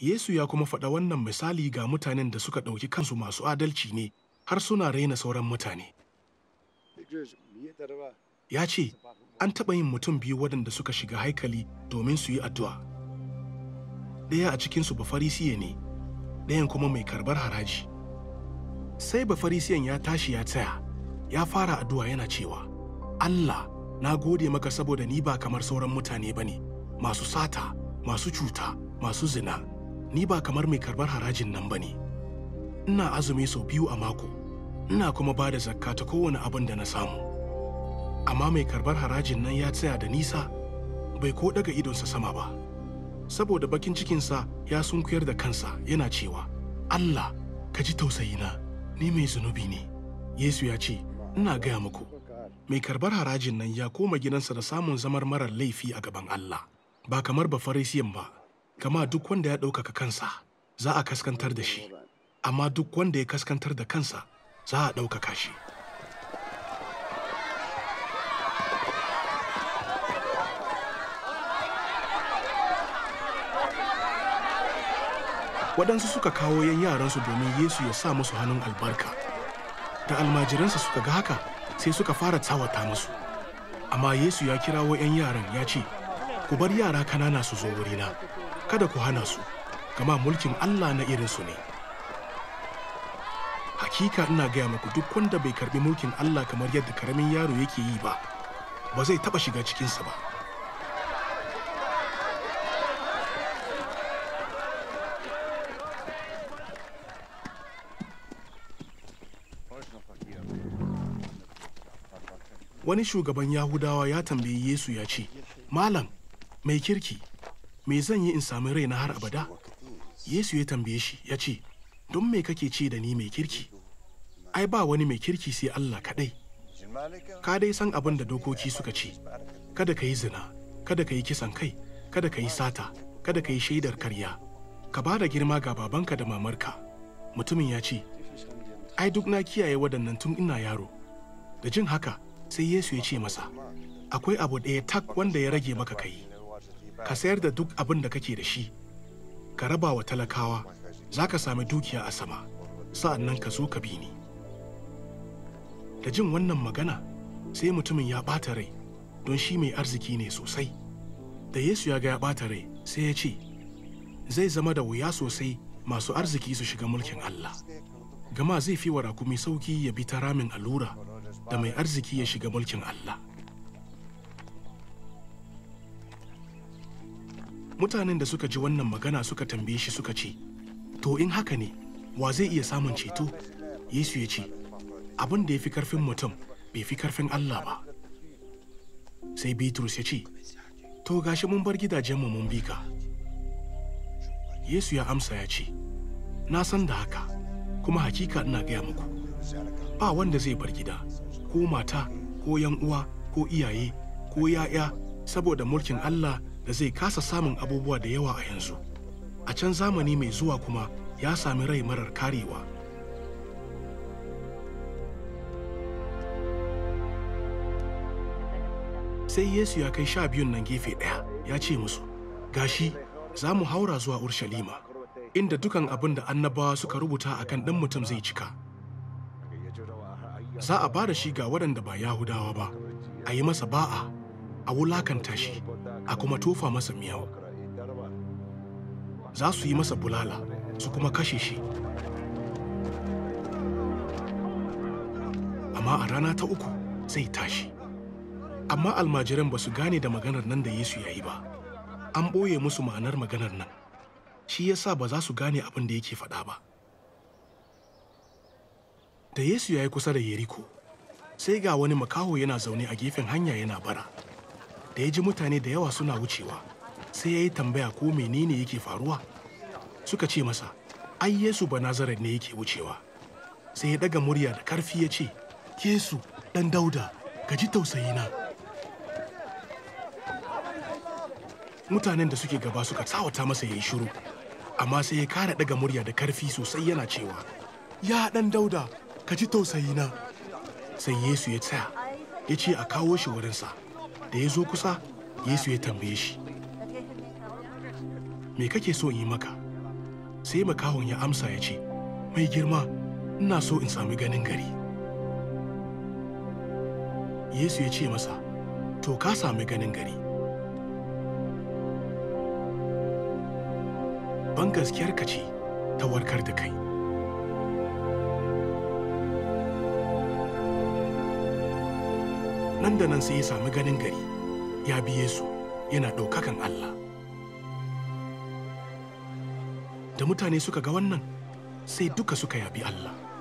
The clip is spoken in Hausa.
Yesu ya kuma faɗa wannan misali ga mutanen da suka ɗauki kansu masu adalci ne har suna raina sauran mutane. Ya ce, an taɓa yin mutum biyu waɗanda suka shiga haikali domin su yi addu'a. Ɗaya a cikinsu bafarisiye ne, ɗayan kuma mai karbar haraji. Sai bafarisiyan ya tashi ya tsaya, ya fara addu'a yana cewa, Allah, na gode maka saboda ni ba kamar sauran mutane ba ne, masu sata, masu cuta, masu zina, ni ba kamar mai karbar harajin nan ba ne ina azumi sau biyu a mako ina kuma ba da zakka ta kowane abin da na samu amma mai karbar harajin nan ya tsaya da nisa bai ko daga idonsa sama ba saboda bakin cikinsa ya sunkuyar da kansa yana cewa allah ka ji na, ni mai zunubi ne yesu ya ce ina gaya muku mai karbar harajin nan ya koma gidansa da samun zamar marar laifi a gaban allah ba kamar ba farisiyan ba gama duk wanda ya ɗaukaka kansa za a kaskantar da shi amma duk wanda ya kaskantar da kansa za a ɗaukaka shi waɗansu suka kawo yan yaransu domin yesu ya sa musu hannun albarka da almajiransa suka ga haka sai suka fara tsawata musu amma yesu ya kirawo yan yaran ya ce ku bar yara kanana su zo wurina kada ku hana su gama mulkin Allah na irinsu ne hakika ina gaya muku duk wanda bai karbi mulkin Allah kamar yadda karamin yaro yake yi ba ba zai taba shiga cikinsa ba wani shugaban yahudawa ya tambayi yesu ya ce malam mai kirki me zan yi in sami rai na har abada yesu ya tambaye shi ya ce don me kake ce da ni mai kirki ai ba wani mai kirki sai allah kaɗai ka dai san abin da dokoki suka ce kada ka yi zina kada ka yi kisan kai kada ka yi sata kada ka yi shaidar karya ka ba da girma ga babanka da mamarka mutumin ya ce ai duk na kiyaye waɗannan tun ina yaro da jin haka sai yesu ya ce masa akwai abu ɗaya tak wanda ya rage maka ka yi ka sayar da duk abin da kake da shi ka raba wa talakawa za ka sami dukiya a sama sa'an nan ka zo ka bi ni da jin wannan magana sai mutumin ya ɓata rai don shi mai arziki ne sosai da yesu ya ga ya ɓata rai sai ya ce zai zama da wuya sosai masu arziki su shiga mulkin allah gama zai fi wa rakumi sauki ya bi ta ramin allura da mai arziki ya shiga mulkin allah mutanen da suka ji wannan magana suka tambaye shi suka ce to in haka ne wa zai iya samun ceto yesu ya ce abin da ya fi karfin mutum bai fi karfin allah ba sai bitrus ya ce to gashi mun bar gidajenmu mun bi ka yesu ya amsa ya ce na san da haka kuma hakika ina gaya muku ba wanda zai bar gida ko mata ko yan uwa ko iyaye ko ya'ya saboda mulkin allah da zai kasa samun abubuwa da yawa a yanzu a can zamani mai zuwa kuma ya sami rai marar karewa sai yesu ya kai sha biyun nan gefe ɗaya ya ce musu gashi za mu haura zuwa urshalima inda dukan abin da annabawa suka rubuta a kan ɗan mutum zai cika za a ba da shi ga waɗanda ba yahudawa ba a yi masa ba'a a wulakanta shi a kuma tofa masa miyawa. za su yi masa bulala su kuma kashe shi amma a rana ta uku zai tashi amma almajiran ba su gane da maganar nan da yesu ya yi ba an ɓoye musu ma'anar maganar nan shi ya sa ba za su gane abin da yake faɗa ba da yesu ya yi kusa da yeriko sai ga wani makaho yana zaune a gefen hanya yana bara da ya ji mutane da yawa suna wucewa sai ya yi tambaya ko menene yake faruwa suka ce masa ai yesu ba nazaret ne yake wucewa sai ya daga murya da karfi ya ce yesu ɗan dauda ka ji na. mutanen da suke gaba suka tsawata masa ya yi shuru, amma sai ya kara daga murya da karfi sosai yana cewa ya ɗan dauda ka ji na. sai yesu ya tsaya ya ce a kawo shi wurinsa da ya zo kusa yesu ya tambaye shi me kake so in yi maka sai makahon ya amsa ya ce mai girma ina so in sami ganin gari yesu ya ce masa to ka sami ganin gari ban gaskiyar ka ce ta warkar da kai nan da nan sai ya sami ganin gari ya biye su yana ɗaukakan Allah da mutane suka ga wannan sai duka suka yabi Allah